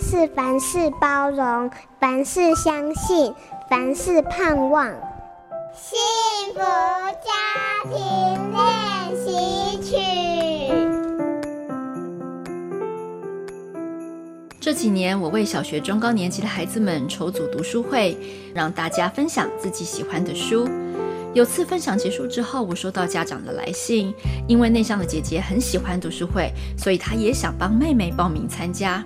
是凡事包容，凡事相信，凡事盼望。幸福家庭練習曲。這幾年，我為小學中高年級的孩子們籌組讀書會，讓大家分享自己喜歡的書。有次分享結束之後，我收到家長的來信，因為內向的姐姐很喜歡讀書會，所以她也想幫妹妹報名參加。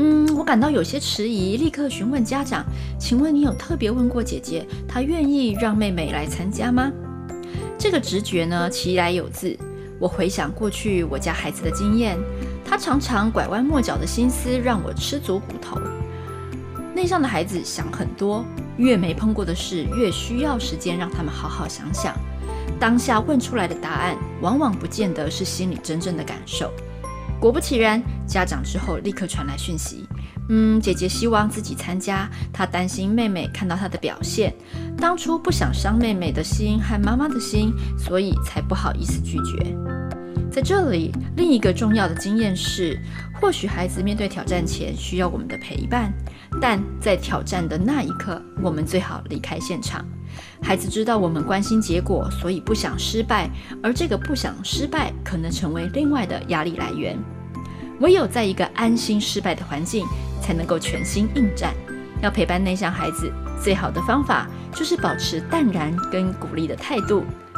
嗯，我感到有些遲疑，立刻詢問家長：“請問你有特別問過姐姐，她願意讓妹妹來參加嗎？”這個直覺呢，其來有自。我回想過去我家孩子的經驗，他常常拐彎抹角的心思讓我吃足骨頭。內向的孩子想很多，越沒碰過的事越需要時間讓他們好好想想。當下問出來的答案，往往不見得是心裡真正的感受。果不其然，家長之後立刻傳來訊息。嗯，姐姐希望自己參加，她擔心妹妹看到她的表現，當初不想傷妹妹的心和媽媽的心，所以才不好意思拒絕。在這裡，另一個重要的經驗是，或許孩子面對挑戰前需要我們的陪伴，但在挑戰的那一刻，我們最好離開現場。孩子知道我們關心結果，所以不想失敗，而這個不想失敗可能成為另外的壓力來源。唯有在一個安心失敗的環境，才能夠全心應戰。要陪伴內向孩子，最好的方法就是保持淡然跟鼓勵的態度。